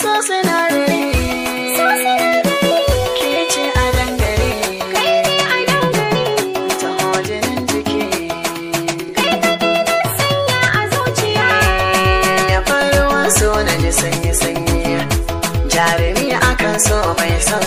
so sinadari so sinadari ke a dangare kai ne a ta hojinin jiki kai ka dina sanya a zuciya ya faruwa so na ji sanyi sanyi jarumi akan so bai sa.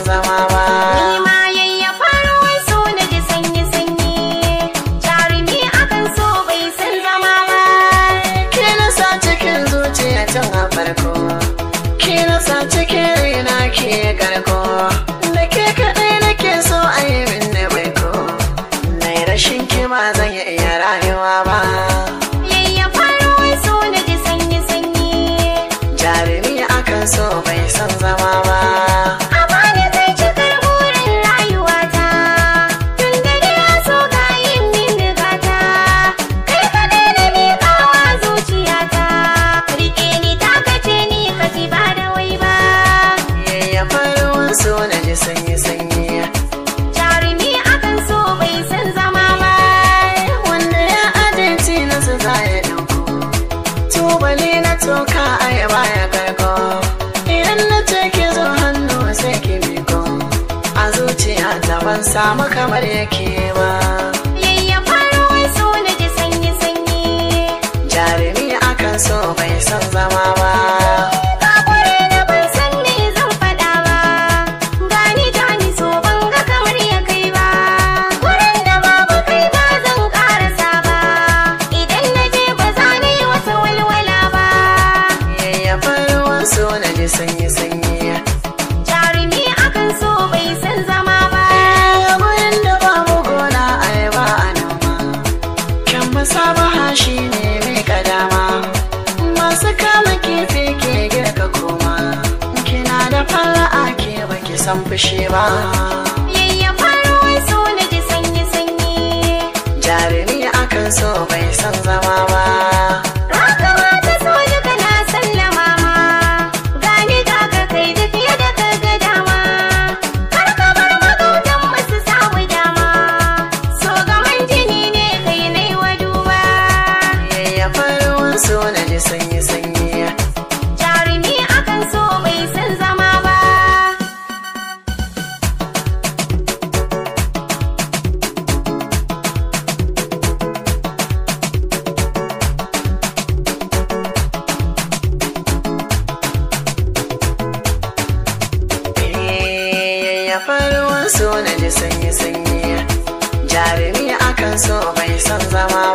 da ke kaɗai nake so a yi min da bai ko rashin kima zan iya rayuwa ba yayyafa ruwan so na ji sanyi sanyi jarumi akan so bai san zama ba sanyi jarumi akan so bai san zama ba wanda ya adalci na su za ya dauko tubali na toka ayaba ya karko idan na ce ki zo hannu sai ki miko a zuciya ta samu kamar yake ba jarumi akan so bai san zama ba gurin eh, da babu gona ai ba a nama kyan musabaha shi ne mai kadama masu kama kifi ke girka koma kina da fara'a ke baki san fushi ba jarumi akan so bai san zama ba ji sanyi sanyi jarumi akan so bai san zama ba eh, ya faruwan so na ji sanyi sanyi jarumi akan so bai san zama ba